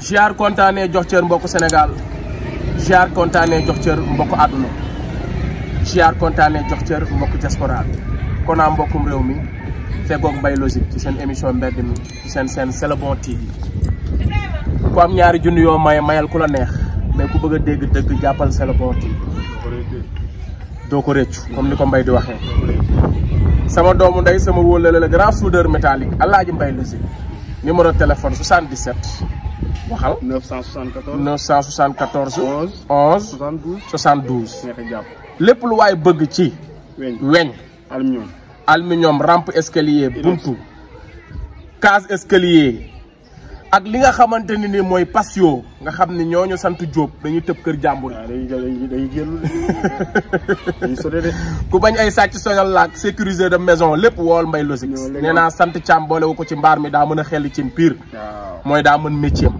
ziar kontaanee jox cër mbokku Sénégal ziar kontaanee jox cër mbokk àdduna ziar kontaanee jox cër mbokk diaspora kon a mbokkum réew mi feggoog Mbaye ci seen émission mbedd mi ci seen seen C'est le TV ku am ñaari junni yoo may mayal ku la neex mais ku bëgg a dégg dëgg jàppal C'est le TV doo ko rëccu comme ni ko mbay di waxee sama doomu ndey sama wóolale la grand soudeur métallique Alaaji Mbaye Logique numéro téléphone 77. waxal 974 974. 11 11 72 72. lépp lu waay bëgg ci. weñ weñ. aluminium aluminium escalier buntu. case escalier. ak li nga xamante ni ni mooy passion nga xam ni ñooñu sant Diop dañuy tëb kër jàmbur yi. day day ku bañ ay sàcc sonal laak sécuriser de maison lépp wool mbay logique. nee naa sant Thiam boolewu ko ci mbaar mi daa mën a xel ci pire. mooy daa mën métier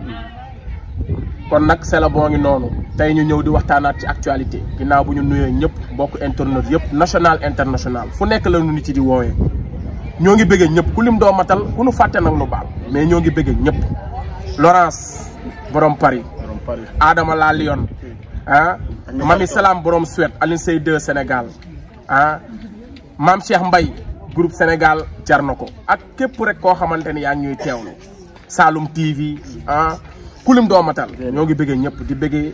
kon nag c'est la ngi noonu tey ñu ñëw di waxtaanaat ci actualité ginnaaw bu ñu nuyee ñëpp bokk internet yëpp national international fu nekk la ñu nit ci di woowee. ñoo ngi nyep ñëpp ku lim do matal ku nu faté nak nu baal mais ñoo ngi bëggé ñëpp Laurence borom Paris Adama La Lyon hein ah? Mami Salam borom Suède Aline Sey 2 Sénégal hein ah? Mam Cheikh Mbaye groupe Sénégal jar ak képp rek ko xamanteni ya ñuy Saloum TV hein ah? ku lim do matal ñoo ngi bëggé ñëpp di bëggé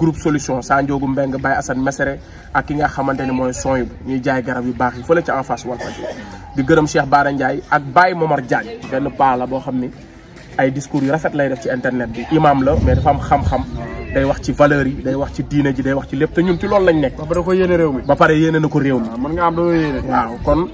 groupe solution Sanjoogu Mbeng Baye assad masere ak ki nga xamanteni moy son bu ñuy jaay garab yu bax yi fele ci en face Walfadjri di gërëm Cheikh Bara ndjay ak Baye Momar djaj ben pa la bo xamni ni ay discours yu rafet lay def ci internet bi imam la mais dafa am xam-xam day wax ci valeur yi day wax ci diine ji day wax ci lepp te ñun ci loolu lañ nek ba da ko yene rew mi. ba pare yene nako rew mi. Ah, man nga am doo yene waaw kon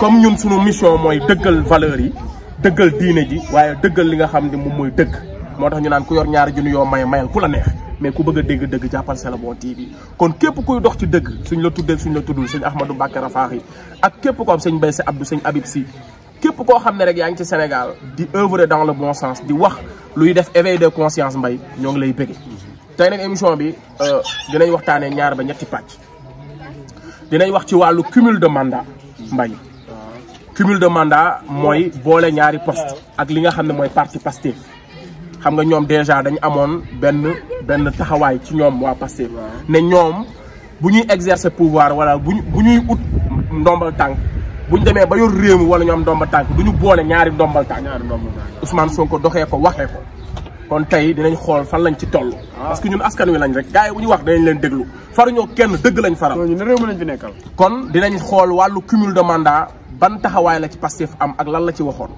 comme ñun suñu mission moy deugal valeur yi deugal diine ji waye deugal li nga xamni mooy dëgg ñu naan ku yor ñaar may mayal ku neex mais ku bëgg a dégg dëgg jàppal sa la bon TV kon képp kuy dox ci dëgg suñ la tuddee suñ la tuddul sëñ Ahmadou Mbacké Rafahi ak képp ko am sëñ Mbaye Sy Abdou sëñ Habib Sy képp koo xam ne rek yaa ngi ci Sénégal di œuvrer dans le bon sens di wax luy def éveil de conscience mbay ñoo ngi lay bëgge tey nag émission bi euh, dinañ waxtaanee ñaar ba ñetti pàcc dinañ wax ci wàllu cumul de mandat mbay cumul de mandat mooy boole ñaari poste ak li nga xam ne mooy parti pastif xam nga ñoom déjà dañu amoon benn benn taxawaay ci ñoom waa Pastef ne ñoom bu ñuy exercer pouvoir wala bu ñu bu ñuy ut ndombal tànk bu ñu demee ba yor réew mi wala ñoom ndombal tànk du ñu boole ñaari ndombal tànk Ousmane ko doxee ko waxee ko kon tey dinañ xool fan lañ ci toll ah. parce ñun askan wi lañ rek gars yi bu ñu wax dinañ leen far faruñoo kenn dëgg lañ faral réew mi lañ fi nekkal kon dinañ xool wàllu cumul de mandat ban taxawaay la ci Pastef am ak lan la ci waxoon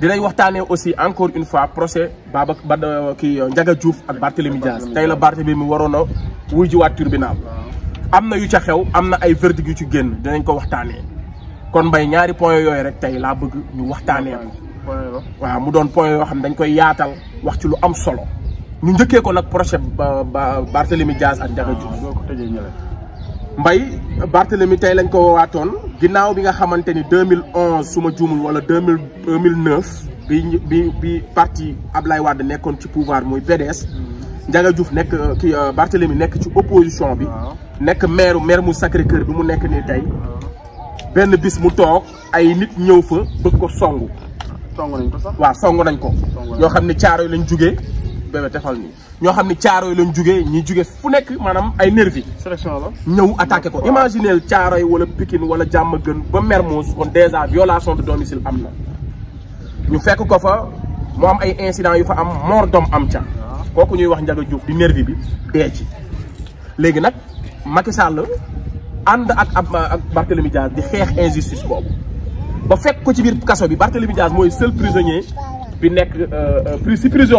dinañ waxtaanee aussi encore une fois procès babak ba ki Ndiaga djouf ak Barthélémy dias tay la Barthélémy waroon a wuy jiwaat tribunal amna yu ci xew amna ay verdict yu ci genn dinañ ko waxtaanee kon bay ñaari point yoy rek tay la bëgg ñu waxtaanee ko wa mu doon point yo xam dañ koy yaatal wax ci lu am solo ñu njëkkee ko nak procès Barthélémy dias ak Ndiaga djouf Mbaye Barthélemy tey lañ ko woowaatoon ginnaaw bi nga xamante ni 2011 su ma juumul wala 2000 2009 bi bi bi parti ab Ablaye Wade nekkoon ci pouvoir muy PDS. Ndiaga Diouf nekk ki euh, Barthélemy nekk ci opposition bi. nekk maire maire mu Sacré Cœur bi mu nekk nii tey. benn bis mu toog ay nit ñëw fa bëgg ko songu. songu ko sax songu nañ ko. yoo xam ne caaro yi lañ jugee bébé defal nii. ñoo xamni ne yi lañ ñi jugee fu nek manam ay nervi sélection la imaginez wala Pikine wala ba kon déjà violation de domicile amna ñu fekk ko fa mo am ay incidents yu fa am mort d'homme am tia nous ah. ñuy wax ndaga di nervi bi dé ci légui nak Macky Sall and ak ak di xex injustice bobu ba fekk ko ci bir kasso bi Barthélemy Diaz seul prisonnier bi euh, euh, prison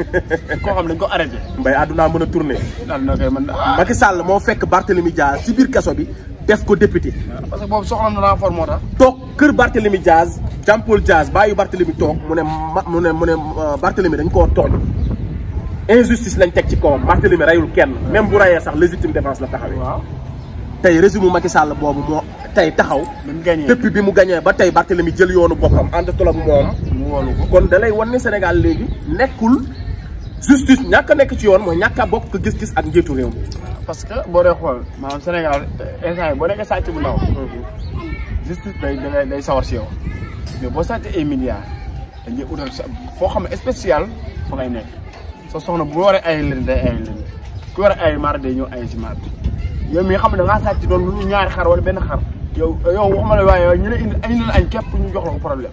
arrêter. xam ne dañ ko arrêté. mbay a tourné. kay man ah. Macky Sall fekk Barthélemy Diaz ci bi def ko député. parce que soxla na renfort Diaz Jean Diaz Barthélemy Je ne Je ne ne euh, dañ injustice lañ teg ci kawam Barthélemy reyul kenn même bu reyee sax légitime défense la résumé Macky Sall depuis bi mu gagné ba jël kon Sénégal justice ñàkk nekk ci yoon mooy ñàkk a bokk gis-gis ak njiitu réew mi. parce que boo dee xool maanaam Sénégal instant boo nekkee sàcc bu ndaw. justice day day day sawar si yow. boo sàccee ay milliards dañuy utal sa foo xam ne spécial fa ngay nekk sa soxna bu waree ay leen day ay leen ku waree ay maar day ñëw ay si maar yow mi xam ne da ngaa sàcc doon lu ñaari xar wala benn xar yow yow waxuma la waaye ñu ne indi ay leen añ képp ñu jox la ko problème.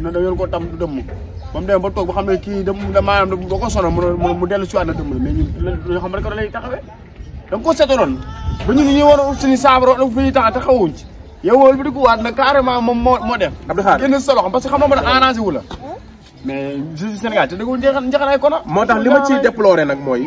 ne da ngeen ko tam du dëmm ba mu demee ba toog ba xam ne kii da maanaam ko sonal mu dellu si na dëmm la mais ñun dañoo xam rek da lay taxawee da ko seetaloon ba ñun ñu war a ut suñu saabaro ak fi ñuy tax te xawuñ ci yow bi di ko waat nag carrément moom moo moo def Abdou Khadre génn sa loxo parce que xam nga man arrangé wu la mais justice Sénégal te dëggul njeexal njeexal kono moo tax li ma ciy déploré nag mooy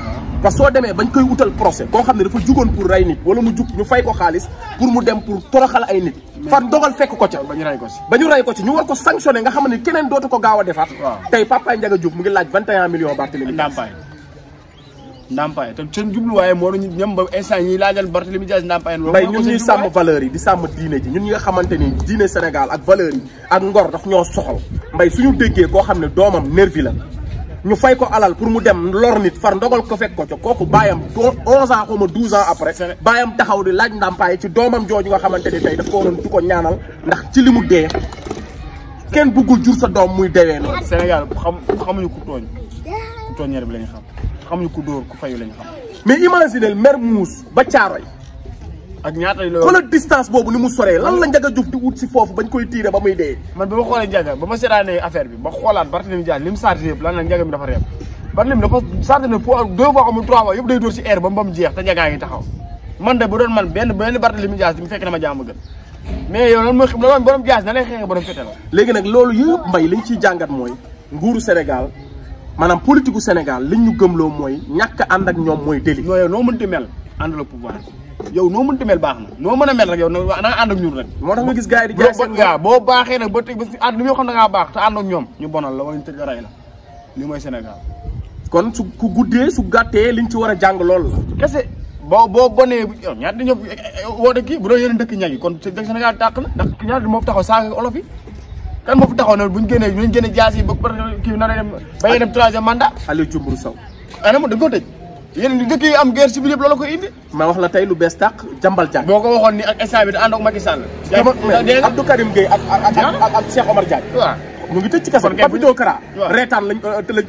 parce que soo demee bañ koy wutal procès koo xam ne dafa jugoon pour rey nit wala mu jug ñu fay ko xaalis pour mu dem pour toroxal ay nit far ndogal fekk ko ca ba ñu rey ko ci ba ñu ko ci ñu war ko sanctionné nga xam ne keneen dootu ko gaaw a defaat tey Papa Ndiaga Diouf mu ngi laaj 21 millions Barthélémy ndàmpaay ndàmpaay te seen jubluwaay moo ñu ba instant ñi laajal Barthélémy Dias ndàmpaay bay ñun ñuy sàmm valeurs yi di sàmm diine ji ñun ñi nga xamante ni diine Sénégal ak valeurs yi ak ngor daf ñoo soxal mbay suñu koo xam ne doomam nervi la ñu fay ko alal pour mu dem lor nit far ndogal ko fekk ko ca kooku bàyyam onze ans xaw ma douze ans après baayam taxaw di laaj ndàmpaay ci doomam jooju nga xamante ni tey daf ko waroon du ko ñaanal ndax ci li mu dee kenn buggul jur sa doom muy dewee noonu Sénégal xam xamuñu ku tooñ ku tooñ ñaar bi lañu xam xamuñu ku dóor ku fayu lañu xam mais imaginez mer muus ba caaro yi ak ñaata la xoolal distance boobu ni mu soree lan la Ndiaga Diouf di wut si foofu bañ koy tiire ba muy dee man ba ma xoolee Ndiaga ba ma seetaanee affaire bi ba xoolaat Barthélémy Dias li mu chargé lan la Ndiaga mi dafa reeb Barthélémy dafa chargé ne fois deux fois amul trois fois yëpp day dóor si air ba mu jeex te Ndiaga ngi taxaw man de bu doon man benn benn Barthélémy Dias di mu fekk na ma jàmm gën mais yow lan mooy lan mooy borom Dias na lay xeexee borom fete la léegi nag loolu yëpp mbay liñ ciy jàngat mooy nguuru Sénégal maanaam politique u Sénégal liñ ñu gëmloo mooy ñàkk ànd ak ñoom mooy délit yooyu noo mënti mel ànd la pouvoir yow noo mënti mel baax na noo mën a mel rek yow na nga ànd moo tax nga gis gars yi di jaay seen gaa boo baaxee nag ba teg ba si ànd li ñoo xam da ngaa baax te su ku guddee su gàttee liñ ci war a jàng loolu la boo boo gonee yow ñaar di ñëw eh, eh, woote kii bu doon yéen dëkk ñag yi kon Sénégal tàq na ndax ñaar moo fi taxaw saaga olof yi kan moo fi taxaw ne buñ génnee buñ génnee jaas yi ba kii nar a dem ba dem troisième mandat Aliou ana mo dañ ko tëj yeneen dëkk yi am guerre civile yëpp loolu ko indi. ma wax la tey lu bees taq jàmbal jàng. boo ko waxoon ni ak instant bi da ànd ak Macky Sall. Abdou Karim Gueye ak ak ak ak Cheikh ñu ngi tëj ci kaso bi Papito Kara reetaan lañ euh, lañ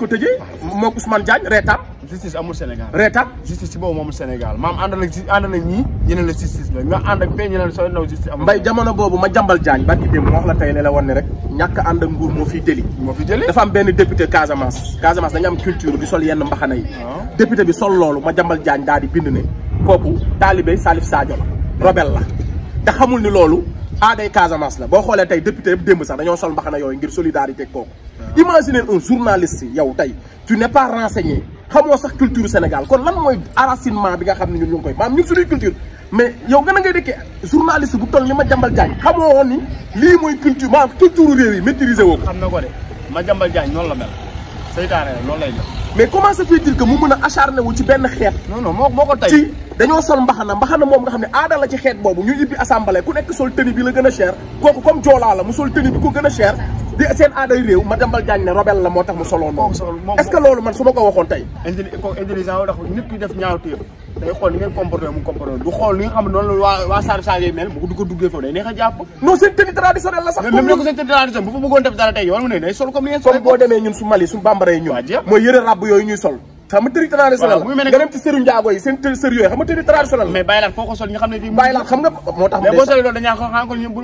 moom Ousmane Diagne reetaan justice amul Sénégal ci boobu moomul Sénégal maam ànd na ànd na ñii ñeneen la justice la nga ànd mbay jamono boobu ma jàmbal Diagne barki démb wax la tey ne la woon ne rek ñàkk ànd ak nguur moo fiy deli moo fi deli dafa am benn député Casamance Casamance dañu am culture bi sol yenn mbaxana yi ah. député bi sol loolu ma jàmbal Diagne daal di bind ne kooku taalibe Salif Sadio la rebel la te xamul ni loolu aaday Casamance la bo xolé tay député yëpp démb sax dañoo sol mbaxana yoy ngir solidarité kooku. imaginez un journaliste yow tay tu n'es pas renseigné xamoo sax culture Sénégal kon lan moy enracinement bi nga xamni ñun ñu ngi koy maam ñu suñuy culture. mais yow nga ngay dëkkee journaliste bu toll ni ma jambal Diagne xamoo woon ni lii mooy culture maanaam culture réew yi maîtriser woo xamna ko dé ma jambal Diagne non la mel seytaane la noonu lay mel. mais comment se fait-il que mu mën a acharné wu ci benn xeet non non moo moo ko tey ci dañoo sol mbaxana mbaxana moom nga xam ne aada la ci xeet boobu ñu ibbi assemblée ku nekk sol tenue bi la gën a cher kooku comme joolaa la mu sol tenue bi ko gën cher di seen aaday réew ma dembal jaañ ne robel la moo tax mu soloon moom est ce que loolu man su ma ko waxoon tey intelligent ndax nit ki def ñaaw téef day xool ngeen comporté mu comporté du xool li nga xam ne la waa waa Sarr Sarr mel bu ko duggee foofu day neex a non seen tenue traditionnelle la sax même ne ko tenue traditionnelle bu fa def dara mu day sol comme ni sol ñun su Mali su ñun rab màbb yooyu ñuy sol xam nga tenue traditionnelle la nga dem ci sëru njaago yi seen yooyu xam nga tenue traditionnelle mais bàyyi laat foo sol dañaa ko ko ñu bu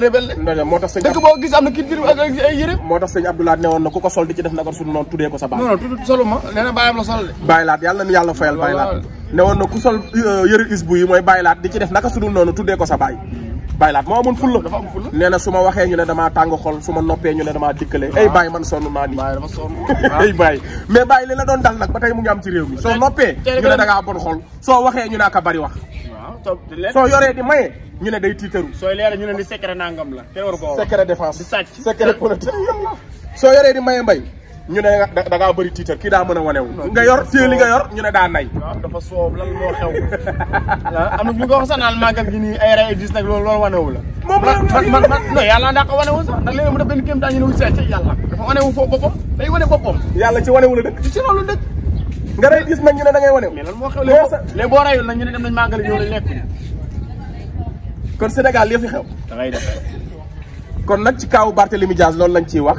rebelle moo tax moo tax sëñ Abdoulaye ne woon na ku sol di ci def nakar sudul noonu tuddee ko sa baay Baye Laat moo amoon fulla dafa am ma waxee ñu ne dama tàng xol su ma noppee ñu ne damaa dikkale ay ah. Baye man sonn naa nii ay Baye mais Baye li la doon dal nag ba tey mu ngi am réew mi soo noppee ñu ne da ngaa bon xol soo waxee ñu ne ak a soo yoree di maye ñu ne day tiitaru sooy leeral ñu ne ni secret nangam la secret défense soo yoree di maye mbay ñu ne da ngaa bëri tiitar kii daa mën a wanewu nga yor téye li nga yor ñu ne daa nay ah, dafa soob lan moo xew ah, am na ñu ko wax sax naan màggal gi nii ay ray gis nag loolu loolu wanewu la moom man man non yàlla daa ko wanewu sax ndax léegi mu def benn kéem daa ñu ne wuñ seet yàlla dafa wanewu foofu boppam day wane boppam yàlla ci wanewu la dëkk ci loolu dëkk nga day gis nag ñu ne da ngay wanewu mais lan moo xew léegi boo rayul nag ñu ne dem nañ màggal gi ñëw lekk kon Sénégal li fi xew da ngay def kon nag ci kaawu Barthélémy Diaz loolu lañ ciy wax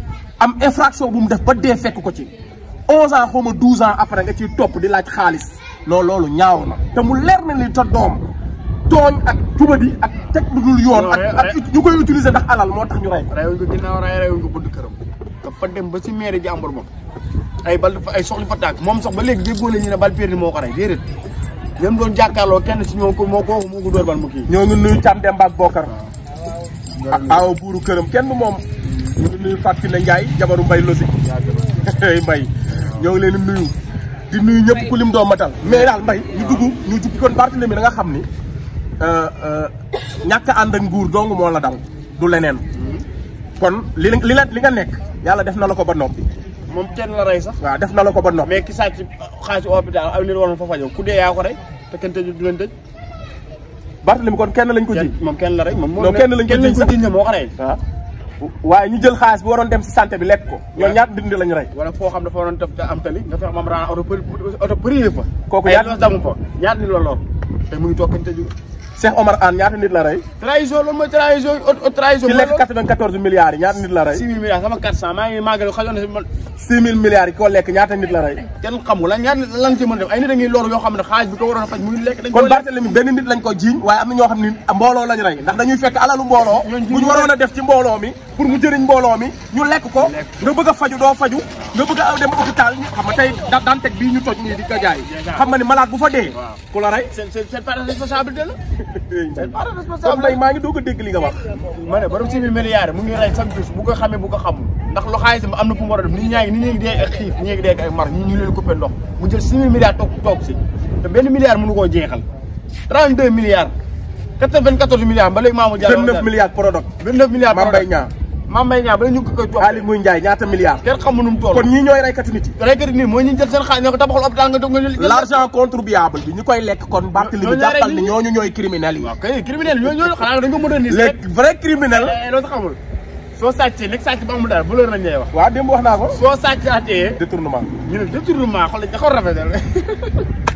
am infraction bu mu def ba dé fekk ko ci 11 ans xaw 12 ans après nga ci top di laaj xaalis non loolu ñaaw na te mu lér na li ta doom togn ak tuba jubadi ak tek lu dul yoon. ak ak ñu utiliser ndax alal motax ñu ray ko. ko ginnaaw ray reyuñ ko bëdd kërëm ka fa dem ba ci mère jambour mom ay bal fa ay soxli fa tak mom sax ba légui déggolé la ñu ne bal perdu moko ray dédét ñam doon jàkkaarloo kenn ci ñoko moko moo ko ko dóor bal mu ki ñoo ngi nuyu Thiam dem ak bokkar aw buru kërëm kenn mom ñu ngi nuyu Fatou Kiné Ndiaye jabaru Mbaye Losi Mbaye ñoo ngi leen di nuyu di nuyu ñëpp ku lim doom ma mais daal Mbaye ñu dugg ñu jub kon Barthélémy da nga xam ni euh, euh, ñàkk ànd ak nguur dong moo la dal du leneen kon li li li nga nekk yàlla def na la ko ba noppi moom kenn la rey sax waaw def na la ko ba noppi mais ki sàcc xaalis hôpital ay nit waroon fa fajoo ku dee yaa ko rey te kenn tëj du leen tëj Barthélémy kon kenn lañ ko ji moom kenn la rek moom kenn lañ ko ji sax moo ko rey ah. waaye ñu jël xaalis bi waroon dem si santé bi lekk ko ñoom ñaat dindi lañu rey wala foo xam dafa waroon tëb am tali nga fex mam raa oto oto privé fa kooku yaat damu fa ñaat ni loolu te mu ngi toog kañ tëju Cheikh Omar Anne ñaata nit la rey. trahison mooy trahison haute ñaata nit la rey. 6 000 sama 400 maa ngi màggal xajoon lekk ñaata nit la rey. kenn xamul lan ñaata nit lan ci ay nit a ngi lor yoo xam ne xaaj bi ko waroon faj muy lekk. dañ ko lekk ko jiiñ waaye am ñoo xam ne mbooloo lañ rey ndax dañuy fekk alalu mbooloo. ñooñu bu def ci mbooloo mi mu jëriñ mbooloo ñu lekk ko. nga bëgg faju doo faju nga bëgg a dem hôpital ñu xam nga ni kon maa ngi doog a dégg li nga wax. ma ne borom suñu milliards mu ngi rey chaque jour bu ko xamee bu ko xamul ndax lu xaalis am na fu mu war a def nit ñaa ngi xiif nit ñi ngi dee ak mar ñu leen coupé ndox mu jël suñu milliards toog toog si benn milliard mënu koo jeexal 32 milliards 94 milliards ba léegi maamu. jàll 29 milliards product 29 milliards product Mame Mbaye Mame Mbaye Niang ba ñu ngi ko koy jox mu toll kon ñii ñooy reykati nit yi reykati nit mooy ñu jël seen xaalis ne ko tabaxal hôpital nga dog nga jël koy lekk kon bàtt li mu jàppal ni ñooñu ñooy criminels yi kay criminels yi ñooñu eh, soo sàccee nekk sàcc ba amul dara bu leer wax naa ko soo sàccaatee détournement ñu ne détournement xool dañ ko rafetal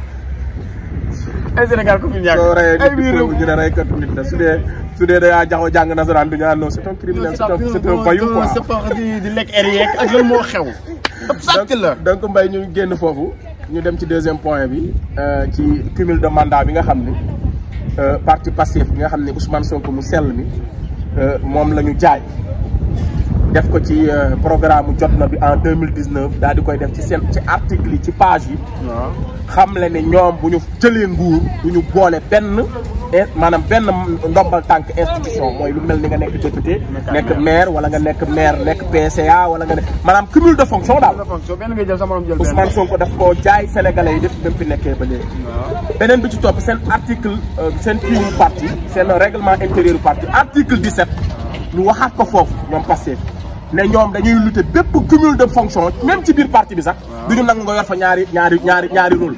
ay Sénégal ku fi ñàkk ay biir réew ñu ne raykatu nit la su dee su dee da jaxoo jàng nasaraan du ñu naan non c'est un criminel c'est di lekk air yeeg moo xew donc mbay ñu génn foofu ñu dem ci deuxième point bi euh, ci cumul de mandat bi nga xam ni euh, parti passif bi nga xam ne Ousmane Sonko mu sell mi euh, moom la ñu jaay def ko ci euh, programme jotna bi en 2019 mille di koy def ci seen ci article ci page yi. xam la ni ñom buñu ñu jëlee nguur du ñu ben benn eh, maanaam benn ndombal tànk institution mooy lu mel ni nga nekk député. nekk maire wala nga nekk maire nekk PCA wala nga nekk manam cumul de fonction dal ben nga jël sa morom jël ben Ousmane Sonko daf ko jaay sénégalais yi def dem fi nekké ba lé benen bi ci top sen article euh, sen kii wu parti seen règlement intérieur parti article 17. ñu waxat ko fofu ñom passé ne ñom dañuy lutter bép cumul de fonctions même ci biir parti bi sax. duñu ñu nga yor fa ñaari ñaari ñaari ñaari rôle.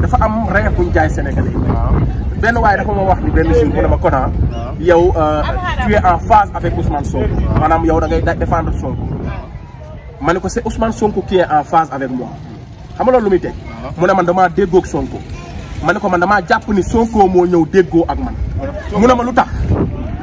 dafa am rêve bu ñu jaay Sénégalais benn waaye dafa ma wax ni benn jour mu ne ma Kona. yow euh, tu es en phase avec Ousmane Sonko. maanaam yow da ngay défendre Sonko. ma ne ko c'est Ousmane Sonko qui en phase avec moi. xam nga loolu lu muy teg. mu ne man damaa déggook Sonko. ma ne ko man damaa jàpp ni Sonko moo ñëw déggoo ak man. mu ne ma lu tax.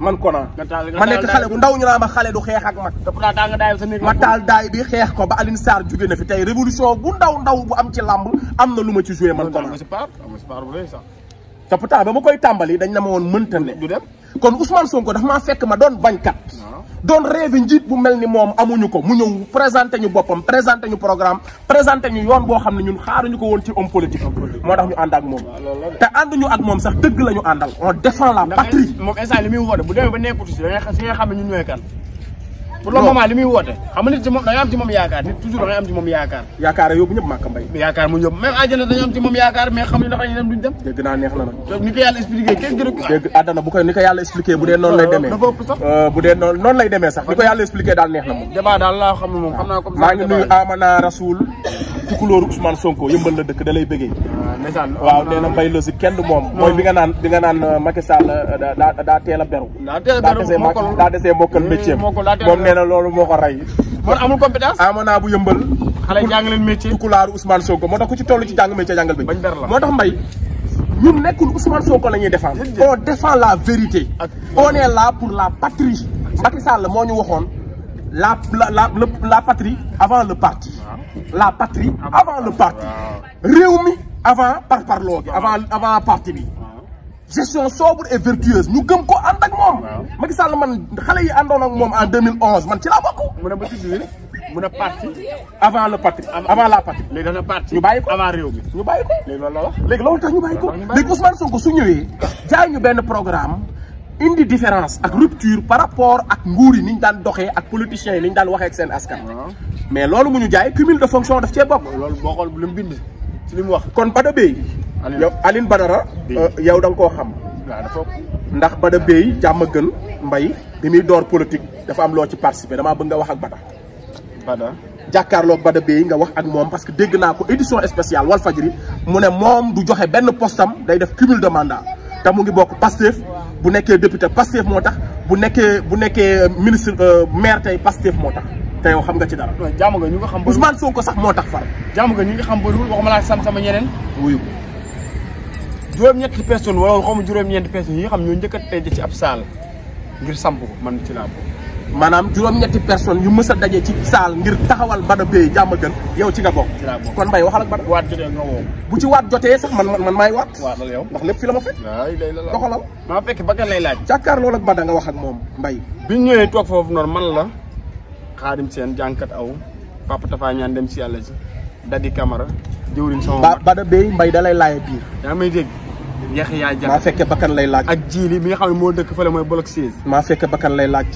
man Kona ma nekk xale bu ndaw ñu naa ma xale du xeex ak mag ma taal daay bi xeex ko ba Aline Sarr jóge na fi tey révolution bu ndaw ndaw bu am ci làmb am na lu ma ci joué man Kona te pourtant ba ma koy tàmbali dañ na ma woon mënta ne kon Ousmane Sonko daf ma fekk ma doon bañkat ah. doon rêve njiit bu mel ni moom amuñu ko mu ñëw présente ñu boppam présenté ñu programme présenté ñu yoon boo xam ne ñun ñu ko woon om homme politique moo tax ñu ànd ak moom ah, te ànduñu ak moom sax dëgg lañu ñu àndal on défend la patrie moom instant li muy woote bu demee ba nekkut si nga xam ne ñun ñooy kan pour le moment li muy woote xam nga nit moom da am ci moom yaakaar yaakaar yaakaar yóbbu ñëpp mbay yaakaar mu ñëpp même àjjana dañu am ci moom yaakaar mais xam ñu ndax dañuy dem duñ dem ni ko yàlla expliqué kenn gënu ko dégg àddana bu ko ni ko yàlla expliqué bu dee noonu lay euh, euh, demee sax ni ko yàlla expliqué daal neex na moom débat daal laa xam moom maa ngi nuyu Amana Rasoul tukulóoru Ousmane Sonko yëmbal la dëkk da lay bëggee ah, waaw nee na mbay losi kenn moom mooy bi nga naan bi nga naan euh, Macky Sall euh, daa daa beru daa desee mokkal métier moom nee na loolu moo ko rey man amul compétence amana bu yëmbal xale jàng leen métier tukulaaru Ousmane Sonko moo tax ku ci toll ci jàng métier jàngal bi moo tax mbay ñun nekkul Ousmane Sonko la ñuy défendre on défend la vérité on est pour la patrie Macky Sall moo ñu waxoon la la la la patrie avant le parti la patrie avant le parti réew avant par par avant avant parti sobre et vertueuse Nous sommes ko ak Macky man xalé yi ak en 2011 man ci la beaucoup. mu parti avant le parti avant la patrie gens dana parti ñu avant Réumi. ñu bayiko. Légui lolu la wax Légui lolu tax ñu programme indi différence ak rupture par rapport ak nguur yi ni ñu daan doxee ak politiciens niñ daan ak seen askan. Ah. mais lolu muñu jaay cumul de fonction daf ci bok lolu bokol lu bind ci li wax. kon Bada bey yow Aline Badara. Euh, yow dang ko xam. ndax Bada bey jàmm geul mbay bi mi door politique dafa am lo ci participer dama bëgg nga wax ak Bada. Bada ak Bada bey nga wax ak mom parce que dégg na ko édition spéciale wal mu mune mom du joxe ben postam day def cumul de mandat te mu ngi bok Pastef. bu nekkee député Pastef moo tax bu nekkee bu nekkee euh, ministre euh, maire tey Pastef moo tax te yow xam nga ci dara. waaw nga ñu nga xam. Ousmane ko sax moo tax far. jàmm nga ñu ngi xam ba bëriwul waxuma laa sam sama ñeneen. wuyu juróom-ñetti personne wala xaw ma juróom-ñeenti personnes yi nga xam ñoo njëkkat a ci ab saal ngir samp ko man ci laa bokk manam juroom ñetti personne yu mësa dajé ci salle ngir taxawal Bada Beye jàmm gën yow ci nga bok kon bay waxal ak Bada wat jotee nga wo bu ci wat jotee sax man man may wat waatal yow ndax lépp fi la ma fek la doxalal ma fek ba kan lay laaj jakar loolu ak Bada nga wax ak mom mbay bi ñëwé tok fofu non man la khadim sen jankat aw papa tafa ñaan dem ci yalla ci dadi camera jëwriñ sama Bada Beye mbay dalay laay laaye biir yaa may dégg yahya yaa ma fek ba kan lay laaj ak jili mi nga xamni mo dëkk fa fële moy bloc 16 ma fek ba kan lay laaj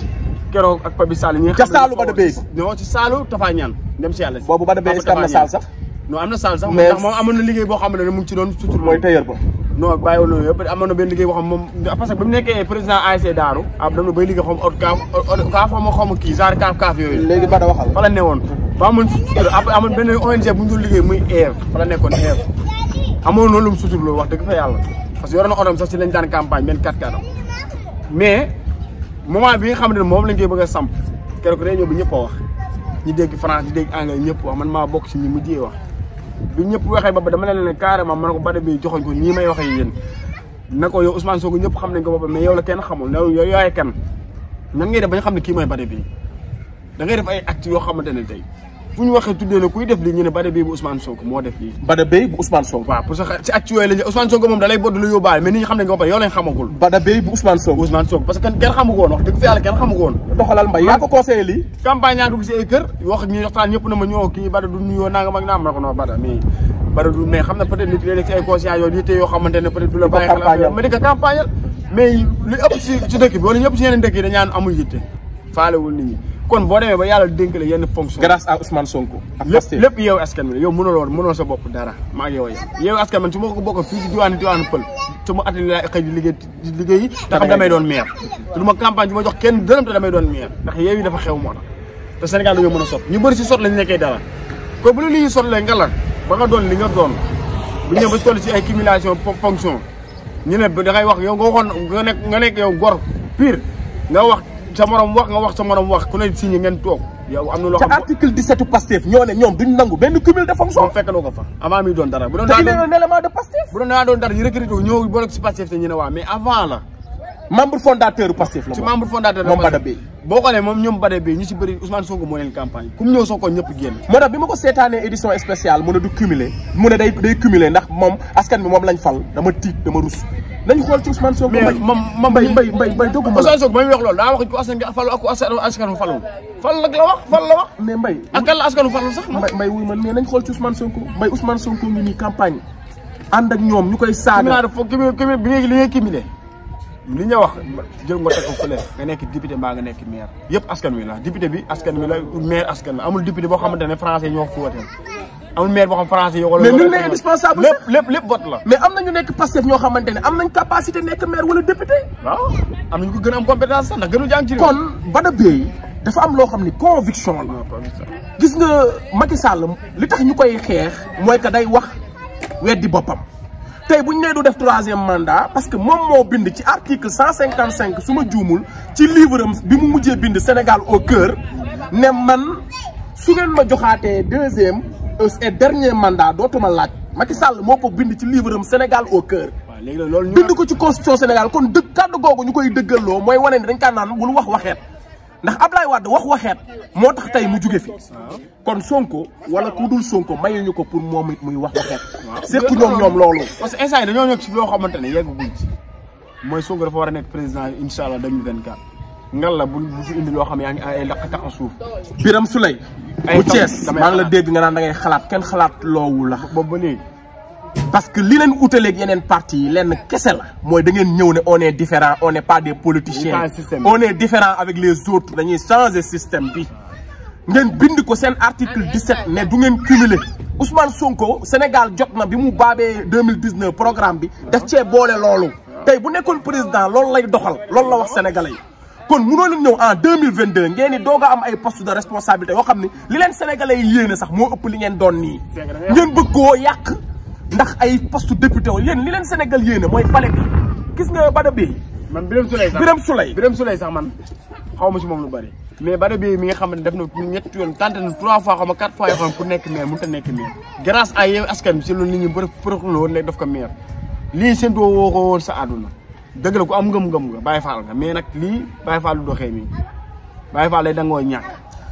keroog ak Pape Sall ñi ca Saalu Bada Bey non ci Saalu Tafa Ñaan dem si yàlla si boobu Bada Bey est-ce que am na Saal sax non am na Saal sax ndax moom liggéey boo xam ne mu ngi ci doon sutur mooy tëyër ba liggéey boo xam moom parce que mu nekkee président ASC Daaru ab dem na bay liggéey xaw ma ot kaaf kii genre kaaf kaaf yooyu léegi Bada waxal fa la newoon ba amoon amoon benn ONG bu ñu liggéey muy EF fa nekkoon EF amoon que na otom si lañ daan campagne benn moment bi nga xam ne moom lañ koy bëgg a samp keroog réunion bi ñëpp a wax ñu dégg France ñu dégg anglais ñëpp wax man maa bokk si ñi mujjee wax bi ñëpp waxee ba dama leen ne carrément man ko bada bi joxoñ ko ñii may waxee yéen na ko yow Ousmane Sonko ñëpp xam nañ ko boppam mais yow la kenn xamul ne yooyu yaay kan nan ngay def ba ñu xam ne kii may bada bi da ngay def ay actes yoo xamante ne tey fu ñu tuddé na kuy def li ñu ne Bada Beye bu Ousmane Sonko mo def li badé Beye bu Ousmane Sonko wa parce que ci actuel la Ousmane Sonko mom da lay bodd lu yóbbaale mais ni ñi xam nañ ko ba yo yow lañ xamagul badé Beye bu Ousmane Sonko Ousmane Sonko parce que kenn xamu ko wax dëgg fi Yalla kenn xamugo won woon doxalal mbay ya ko conseiller li campagne ya dugg ci ay kër wax ñi waxtaan ñëpp na ma ñoo ki badé du nuyoo nangam ak naam ma ko noo Bada mais badé du mais xamna peut être nit léeg-léeg ay conscience yo nité yo xamante peut être du la bàyyi xel mais di campagne mais li ëpp ci dëkk bi wala ñëpp ci yeneen dëkk yi ñaan amul yitte faalewul nit ñi kon bo demé ba yalla dénk la yenn fonction grâce à Ousmane Sonko ak lépp yow askan mi yow mënuloo mënoo sa bop dara ma ngi yow yow askan man ci moko bokk fi ci diwan diwan peul ci mo atel lay xey ligé ligé yi da te xam damay doon maire te du campagne bi jox kenn dërëm da damay doon maire ndax yow yi dafa xew mo tax te Sénégal dañoo mën a sot ñu bëri ci sot lañu nekkee dara ko bu la lii sot lee nga ba nga doon li nga doon bu ñëw ba tollu ci si ay cumulation fonction ñu ne da ngay wax yow nga waxon nga nek nga nek yow gor pire nga wax sa morom wax nga wax sa morom wax ku ne signé ngeen toog. yow am na loo xam te article 17 Pastef ñoo ne ñoom duñ nangu benn cumul de fonction. moom fekk na ko fa avant mi doon dara. bu doon daan doon te élément bu doon daan doon dara ñu recruté wu ñëw boole si Pastef te ñu waa mais avant la. membre fondateur Pastef la. ci membre fondateur la moom bokale mom moom ñoom bi ñu ci bëri Ousmane Sonko mo leen campagne kum mu Sonko ñëpp genn mo da bima ko sétané édition spéciale mo na du cumulé mo na day day cumulé ndax mom askan bi mom lañ fal dama tiit dama rus lañ xol ci Ousmane Sonko mais mom moom bay bay bay mbay dëgg Ousmane Sonko bay wax lool da wax ku askan bi falu ak askan falul fal nag la wax fal la wax mais mbay ak kan la askanu falul sax mbay mbay wuy man mais nañ xol ci Ousmane Sonko mbay Ousmane Sonko ñu ni campagne and ak ñom ñoom ñu koy fo kimi kimi bi nga li nga kimi li ña wax jël nga teg ko fële nga nekk député maa nga nekk maire yëpp askan wi la député bi askan wi la maire askan la amul député boo xamante ne français ñoo ko wooteel amul maire boo xam français yoo wala mais nul n'est indispensable lépp lépp lépp vote la mais am nekk Pastef ñoo xamante ne am nañ capacité nekk maire wala député waaw am nañu ko gën a am compétence sax ndax gënu jàng ci kon Bada Bèye dafa am loo xam ni conviction la ah, gis nga Macky Sall li tax ñu koy xeex mooy que day wax weddi boppam tay bu né pas du troisième mandat parce que mom mo bind ci article 155 suma djumul ci livre Sénégal au cœur né man su ngeen ma 2 deuxième et dernier mandat dootuma laaj Macky Sall moko bind ci livre Sénégal au cœur. bind ko ci constitution Sénégal kon de Je ñukoy wax ndax Ablaye Wade wax waxeet moo tax tey mu jóge fi kon Sonko wala ku dul Sonko mayuñu ko pour moom it muy wax waxeet surtout ñoom ñoom loolu parce que instant yi dañoo nekk ci loo xamante ne yeggaguñ ci mooy Sonko dafa war a nekk président incha allah 2024 ngal la bu bu fi indi loo xam yaa ngi ay laq tax a suuf Birame Souleye bu Thiès maa ngi la dégg nga naan da ngay xalaat kenn xalaat loowu la boobu ba léegi parce que li leen utaleeg yeneen parti yi lenn kese la mooy da ngeen ñëw ne on est différent on n'est pas des politiciens on est différent avec les autres dañuy changer système bi ngeen bind ko seen article 17 mais du ngeen cumuler Ousmane Sonko Sénégal jot na bi mu baabee 2019 programme bi daf cee boole loolu tey bu nekkoon président loolu lay doxal loolu la wax sénégalais yi kon mënoo leen en 2022 ngeen ni doog a am ay poste de responsabilité yoo xam ne li leen sénégalais yi yéene sax moo ëpp li ngeen doon nii ngeen bëgg koo ndax ay poste député wu yéen li leen Sénégal yéene mooy palais bi gis nga Bada Beye man Birame Souleye sax Birame Souleye Birame Souleye man xaw ma si moom lu bari mais Bada Beye mi nga xam ne def na ñetti yoon tenté na trois a xaw ma quatre fois yoo xam ne pour nekk maire mënut a nekk maire grâce à yow askan si loolu nit ñi bërëb def ko maire lii seen doo woo ko woon sa àdduna dëgg la ku am ngëm munga nga Baye Fall nga mais nag lii Baye Fall lu doxee nii Baye Fall lay dangoo ñàkk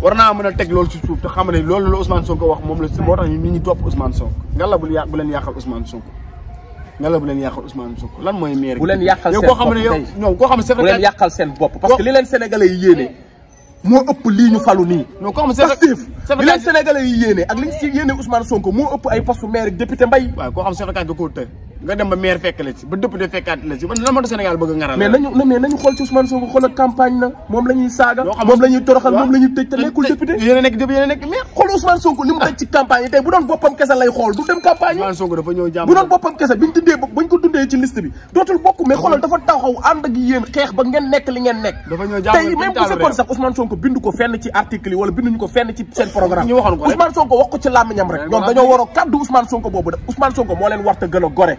war naa mën a teg loolu ci suuf xam ne loolu la Ousmane wax moom la moo tax nit ñi topp Ousmane Sonko ngalla bu yà bu leen yàqal Ousmane Sonko ngalla bu leen yàqal Ousmane Sonko lan mooy maire bu leen yàqal seen bopp xam ne yow ñoom xam ne bu leen yàqal seen parce que li leen sénégalais yi yéene moo ëpp lii ñu falu nii non koo xam ne li leen sénégalais yi yéene ak li ñu si yéene Ousmane Sonko moo ëpp ay poste maire député mbay waaw koo xam ne sefakaaj nga të nga dem ba maire fekk la ci ba député fekkaat la ci man lan moo tax Sénégal bëgg a ngaral mais nañu mais nañu xool ci Ousmane Sonko xool ak campagne na moom la ñuy saaga moom la ñuy toroxal moom la ñuy tëj te nekkul député yéen a nekk député yéen a nekk maire xool Ousmane Sonko li mu daj ci campagne yi tey bu doon boppam kese lay xool du dem campagne Ousmane Sonko dafa ñëw jàmm bu doon boppam kese biñu dindee bañ ko dundee ci liste bi dootul bokk mais xoolal dafa taxaw ànd ak yéen xeex ba ngeen nekk li ngeen nekk tey même bu fekkoon sax Ousmane Sonko bind ko fenn ci article yi wala binduñu ko fenn ci seen programme Ousmane Sonko wax ko ci làmmiñam rek eh, ñoom dañoo war a kaddu Ousmane Sonko boobu def Ousmane Sonko moo leen war te gën a gore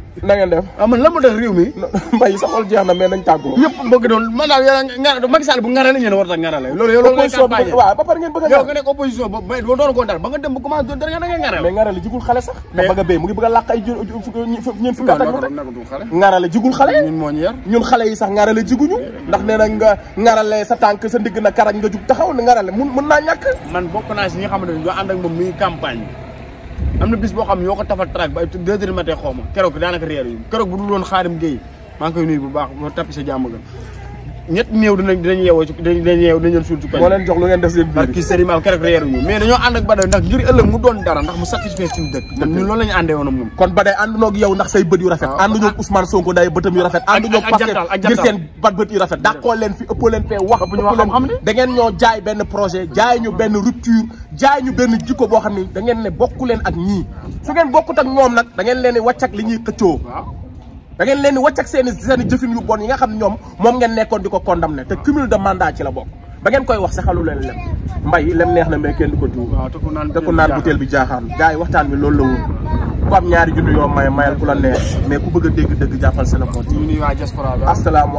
na ngeen def ah man la def réew mi mbay sa xol jeex na mais nañ tàggoo ñëpp bëgg doon man daal yàlla Macky Sall bu ngarale ñeen war ta ngarale loolu yow loolu waaw ba pare ngeen bëgg yow nga nekk opposition ba mais doo doon ko dal ba nga dem commencé doon dara nga ngarale mais ngarale jigul xale sax da bëgg a mu ngi bëgg a ay ñeen fukki at ak ngarale jigul xale ñun moo ñu ñun xale yi sax ngarale jiguñu ndax nee nga ngarale sa tànk sa ndigg na karaj nga jug taxaw ngarale mun mun naa man bokk ñi ak campagne am na bis boo xam yoo ko tafa track ba ay deux heures matin xaw ma keroog daanaka reer yi keroog bu dul woon xaarim géey maa ngi koy bu baax moo tappi sa jàmm ñett néew dinañ dinañ yeewoo ci dinañ yeew dinañ leen suul jox lu ngeen def seen biir barki sëriñ maam keroog reeruñu mais dañoo ànd ak Bada ndax ngir ëllëg mu doon dara ndax mu satisfait suñu dëkk man ñun loolu la ñu àndee woon kon Bada ànduñoo ak yow ngir seen bat bët yu rafet dàqoo leen fi ëppoo leen fee wax ëppoo leen da ngeen ñoo jaay benn projet jaay ñu benn rupture jaay ñu benn jikko boo xam ni da ngeen ne bokku leen ak ñii su ngeen bokkut ak ñoom nag da ngeen leen wàcc ak li ñuy xëccoo da ngeen leen di wàcc ak seen i seen i jëfin yu bon yi nga xam ñoom moom ngeen nekkoon di ko condamné te cumul de mandat ci la bokk ba ngeen koy wax saxalu leen lem mbay lem neex na mais kenn du ko jiw te ku naan butéel bi jaaxaan gars yi waxtaan bi loolu ku am ñaari junni yoo may mayal ku la neex mais ku bëgg a dëgg jàppal sa la moo asalaam